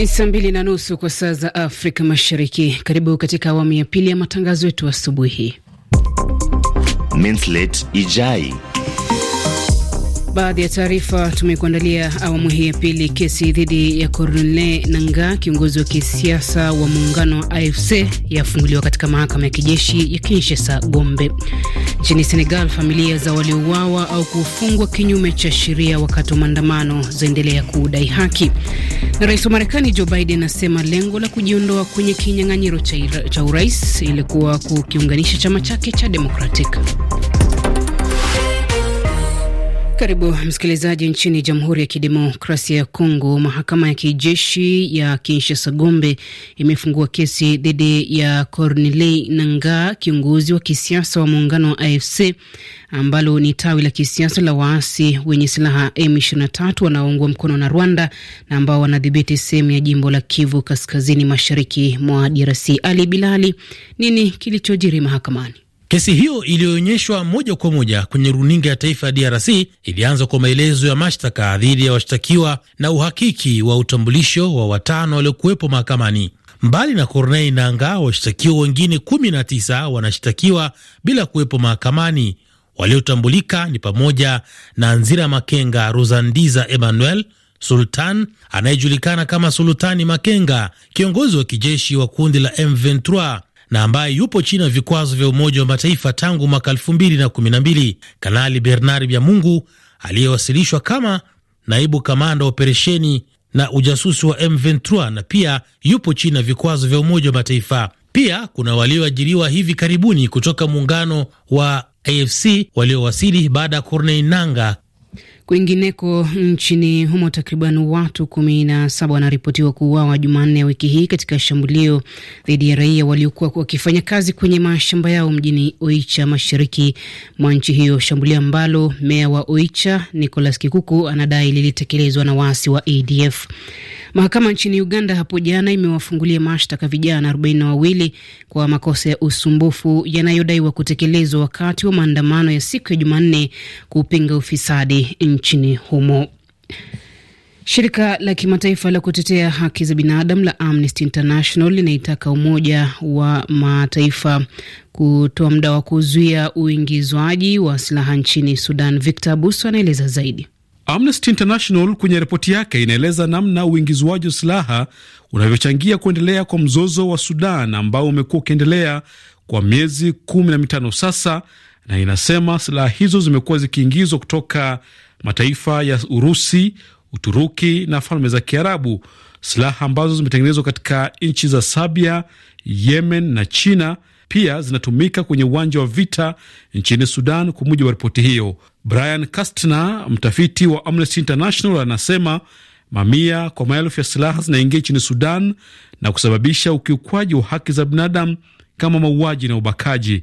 Ni saa mbili na nusu kwa saa za Afrika Mashariki. Karibu katika awamu ya pili ya matangazo yetu asubuhi. Ijai Baadhi ya taarifa tumekuandalia awamu hii ya pili. Kesi dhidi ya Corneille Nangaa, kiongozi wa kisiasa wa muungano wa AFC, yafunguliwa katika mahakama ya kijeshi ya Kinshasa Gombe. Nchini Senegal, familia za waliouawa au kufungwa kinyume cha sheria wakati wa maandamano zaendelea kudai haki. Na rais wa Marekani Joe Biden asema lengo la kujiondoa kwenye kinyang'anyiro cha urais ilikuwa kukiunganisha chama chake cha Democratic. Karibu msikilizaji. Nchini Jamhuri ya Kidemokrasia ya Kongo, mahakama ya kijeshi ya Kinshasa Gombe imefungua kesi dhidi ya corneli nanga kiongozi wa kisiasa wa muungano wa AFC ambalo ni tawi la kisiasa la waasi wenye silaha M23 wanaoungwa mkono na Rwanda na ambao wanadhibiti sehemu ya jimbo la Kivu Kaskazini, mashariki mwa DRC. Ali Bilali, nini kilichojiri mahakamani? Kesi hiyo iliyoonyeshwa moja kwa moja kwenye runinga ya taifa ya DRC ilianza kwa maelezo ya mashtaka dhidi ya washtakiwa na uhakiki wa utambulisho wa watano waliokuwepo mahakamani. Mbali na Corneille nanga washtakiwa wengine 19 wanashtakiwa bila kuwepo mahakamani. Waliotambulika ni pamoja na Nzira Makenga, rosandiza Emmanuel Sultan anayejulikana kama Sultani Makenga, kiongozi wa kijeshi wa kundi la M23 na ambaye yupo chini ya vikwazo vya Umoja wa Mataifa tangu mwaka mbili. Kanali Bernard Byamungu aliyewasilishwa kama naibu kamanda wa operesheni na ujasusi wa M23 na pia yupo chini ya vikwazo vya Umoja wa Mataifa. Pia kuna walioajiriwa hivi karibuni kutoka muungano wa AFC waliowasili baada ya Corneille Nangaa Kwingineko nchini humo takriban watu kumi na saba wanaripotiwa kuuawa Jumanne ya wiki hii katika shambulio dhidi ya raia waliokuwa wakifanya kazi kwenye mashamba yao mjini Oicha, mashariki mwa nchi hiyo, shambulio ambalo meya wa Oicha Nicholas Kikuku anadai lilitekelezwa na waasi wa ADF. Mahakama nchini Uganda hapo jana imewafungulia mashtaka vijana wawili kwa makosa ya usumbufu yanayodaiwa kutekelezwa wakati wa maandamano ya siku ya Jumanne kupinga ufisadi nchini humo. Shirika la kimataifa la kutetea haki za binadamu la Amnesty International linaitaka Umoja wa Mataifa kutoa muda wa kuzuia uingizwaji wa silaha nchini Sudan. Victor Buso anaeleza zaidi. Amnesty International kwenye ripoti yake inaeleza namna uingizwaji wa silaha unavyochangia kuendelea kwa mzozo wa Sudan ambao umekuwa ukiendelea kwa miezi kumi na mitano sasa, na inasema silaha hizo zimekuwa zikiingizwa kutoka mataifa ya Urusi, Uturuki na Falme za Kiarabu, silaha ambazo zimetengenezwa katika nchi za Sabia, Yemen na China pia zinatumika kwenye uwanja wa vita nchini Sudan, kwa mujibu wa ripoti hiyo. Brian Kastner, mtafiti wa Amnesty International, anasema mamia kwa maelfu ya silaha zinaingia nchini Sudan na kusababisha ukiukwaji wa haki za binadamu kama mauaji na ubakaji.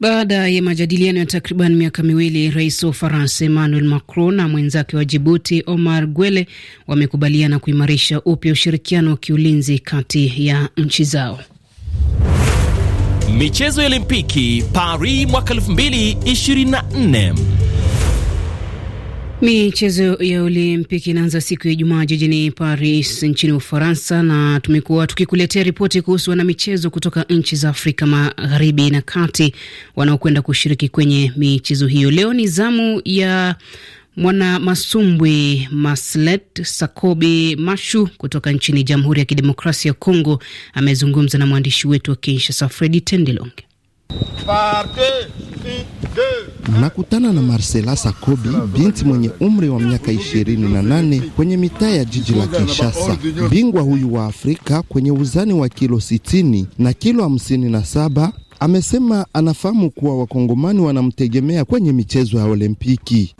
Baada ya majadiliano ya takriban miaka miwili, rais wa Ufaransa Emmanuel Macron na mwenzake wa Jibuti Omar Gwele wamekubaliana kuimarisha upya ushirikiano wa kiulinzi kati ya nchi zao. Michezo ya Olimpiki Paris mwaka 2024 Michezo ya Olimpiki inaanza siku ya Ijumaa jijini Paris nchini Ufaransa, na tumekuwa tukikuletea ripoti kuhusu wanamichezo kutoka nchi za Afrika magharibi na kati wanaokwenda kushiriki kwenye michezo hiyo. Leo ni zamu ya mwana masumbwi Maslet Sakobi Mashu kutoka nchini Jamhuri ya Kidemokrasia ya Kongo. Amezungumza na mwandishi wetu wa Kinshasa, Fredi Tendelonge. Nakutana na Marcela Sakobi, binti mwenye umri wa miaka ishirini na nane kwenye mitaa ya jiji la Kinshasa. Bingwa huyu wa Afrika kwenye uzani wa kilo sitini na kilo hamsini na saba amesema anafahamu kuwa wakongomani wanamtegemea kwenye michezo ya Olimpiki.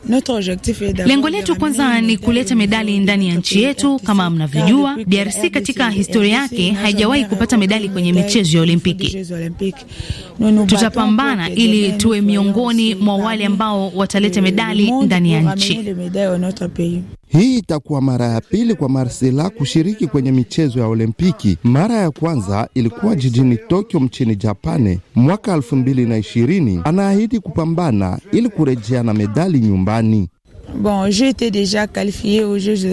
Lengo letu kwanza ni kuleta medali ndani ya nchi yetu. Kama mnavyojua, DRC katika historia yake haijawahi kupata medali kwenye michezo ya Olimpiki. Tutapambana ili tuwe miongoni mwa wale ambao wataleta medali ndani ya nchi. Hii itakuwa mara ya pili kwa Marsela kushiriki kwenye michezo ya Olimpiki. Mara ya kwanza ilikuwa jijini Tokyo mchini Japani mwaka 2020. Anaahidi kupambana ili kurejea na medali nyumbani. Bon,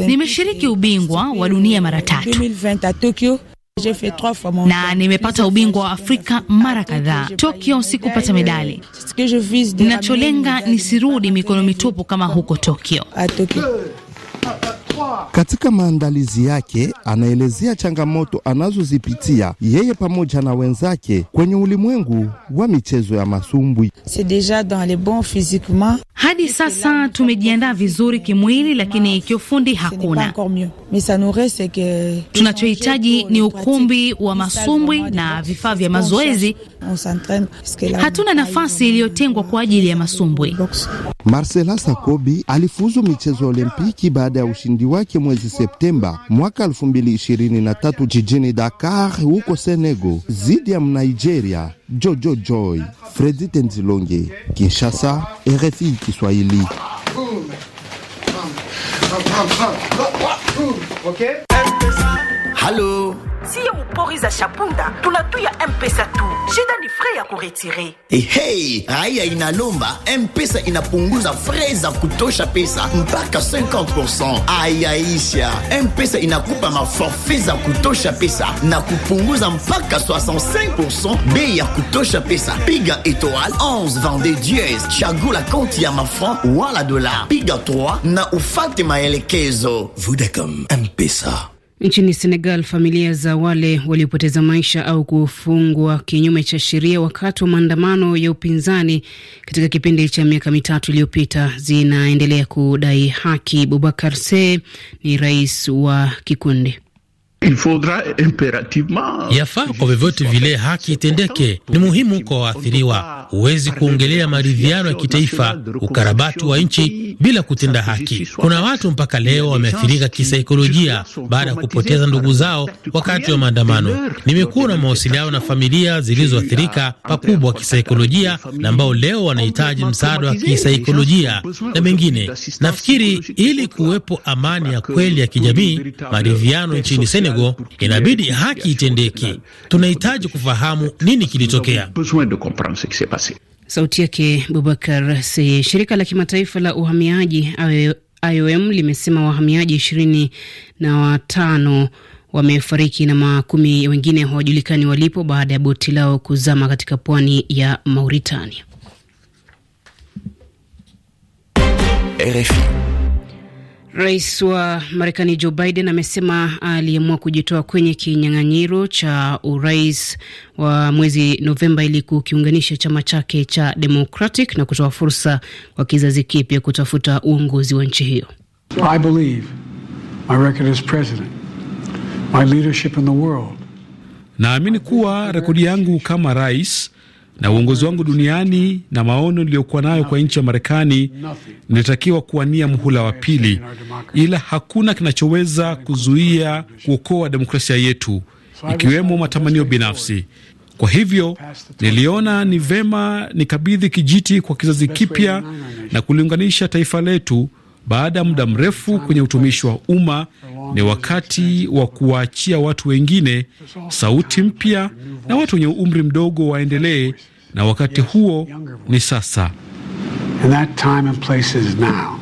nimeshiriki ubingwa wa dunia mara tatu na nimepata ubingwa wa Afrika mara kadhaa. Tokyo sikupata medali. Nacholenga nisirudi mikono mitupu kama huko Tokyo. Katika maandalizi yake anaelezea changamoto anazozipitia yeye pamoja na wenzake kwenye ulimwengu wa michezo ya masumbwi. Hadi sasa tumejiandaa vizuri kimwili, lakini kiufundi hakuna. Tunachohitaji ni ukumbi wa masumbwi na vifaa vya mazoezi. Hatuna nafasi iliyotengwa kwa ajili ya masumbwi. Marcela Sakobi alifuzu michezo ya Olimpiki baada ya ushindi wake mwezi Septemba mwaka 2023 jijini Dakar huko Senegal dhidi ya Mnigeria Jojo Joy. Fredi Tenzilonge, Kinshasa, RFI Kiswahili. Halo. ya muporiza shapunda tunatuya mpesa tu shida ni fre ya kuretire ehei haya inalomba mpesa inapunguza fre za kutosha pesa mpaka 50 ayaisha mpesa inakupa maforfe za kutosha pesa na kupunguza mpaka 65 bei ya kutosha pesa piga etoal 11 vende dies chagula konti ya mafran wala dolar piga 3 na ufate maelekezo vodacom mpesa Nchini Senegal, familia za wale waliopoteza maisha au kufungwa kinyume cha sheria wakati wa maandamano ya upinzani katika kipindi cha miaka mitatu iliyopita zinaendelea kudai haki. Bubakar Se ni rais wa kikundi Yafaa kwa vyovyote vile haki itendeke, ni muhimu kwa waathiriwa. Huwezi kuongelea maridhiano ya kitaifa, ukarabati wa nchi bila kutenda haki. Kuna watu mpaka leo wameathirika kisaikolojia baada ya kupoteza ndugu zao wakati wa maandamano. Nimekuwa na mawasiliano na familia zilizoathirika pakubwa kisaikolojia, na ambao leo wanahitaji msaada wa kisaikolojia na mengine. Nafikiri ili kuwepo amani ya kweli ya kijamii, maridhiano nchini Senegal, inabidi haki itendeke. Tunahitaji kufahamu nini kilitokea. Sauti yake Bubakar Se. Shirika la kimataifa la uhamiaji IOM limesema wahamiaji ishirini na watano wamefariki na makumi wengine hawajulikani walipo baada ya boti lao kuzama katika pwani ya Mauritania. RFI. Rais wa Marekani Joe Biden amesema aliamua kujitoa kwenye kinyang'anyiro cha urais wa mwezi Novemba ili kukiunganisha chama chake cha Democratic na kutoa fursa kwa kizazi kipya kutafuta uongozi wa nchi hiyo. I believe my record as president, my leadership in the world. Naamini kuwa rekodi yangu kama rais na uongozi wangu duniani na maono niliyokuwa nayo kwa nchi ya Marekani, nilitakiwa kuwania mhula wa pili, ila hakuna kinachoweza kuzuia kuokoa demokrasia yetu, ikiwemo matamanio binafsi. Kwa hivyo niliona ni vema nikabidhi kijiti kwa kizazi kipya na kuliunganisha taifa letu baada ya muda mrefu kwenye utumishi wa umma, ni wakati wa kuwaachia watu wengine sauti mpya na watu wenye umri mdogo waendelee, na wakati huo ni sasa. And that time and place is now.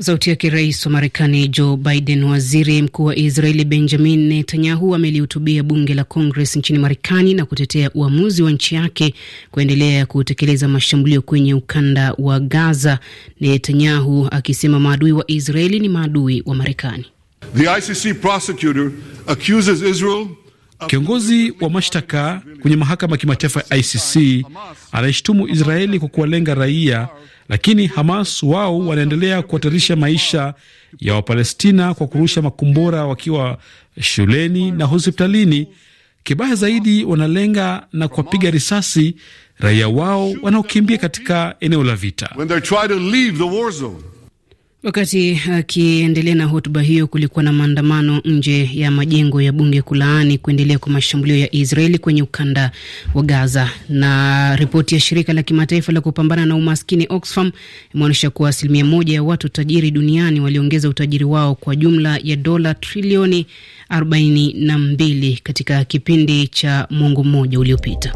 Sauti yake rais wa Marekani Joe Biden. Waziri mkuu wa Israeli Benjamin Netanyahu amelihutubia bunge la Kongres nchini Marekani na kutetea uamuzi wa nchi yake kuendelea kutekeleza mashambulio kwenye ukanda wa Gaza, Netanyahu akisema maadui wa Israeli ni maadui wa Marekani. The ICC prosecutor accuses Israel Kiongozi wa mashtaka kwenye mahakama ya kimataifa ya ICC anaishtumu Israeli kwa kuwalenga raia, lakini Hamas wao wanaendelea kuhatarisha maisha ya Wapalestina kwa kurusha makombora wakiwa shuleni na hospitalini. Kibaya zaidi, wanalenga na kuwapiga risasi raia wao wanaokimbia katika eneo la vita. Wakati akiendelea na hotuba hiyo, kulikuwa na maandamano nje ya majengo ya bunge kulaani kuendelea kwa mashambulio ya Israeli kwenye ukanda wa Gaza. Na ripoti ya shirika la kimataifa la kupambana na umaskini Oxfam imeonyesha kuwa asilimia moja ya watu tajiri duniani waliongeza utajiri wao kwa jumla ya dola trilioni 42 katika kipindi cha mwongo mmoja uliopita.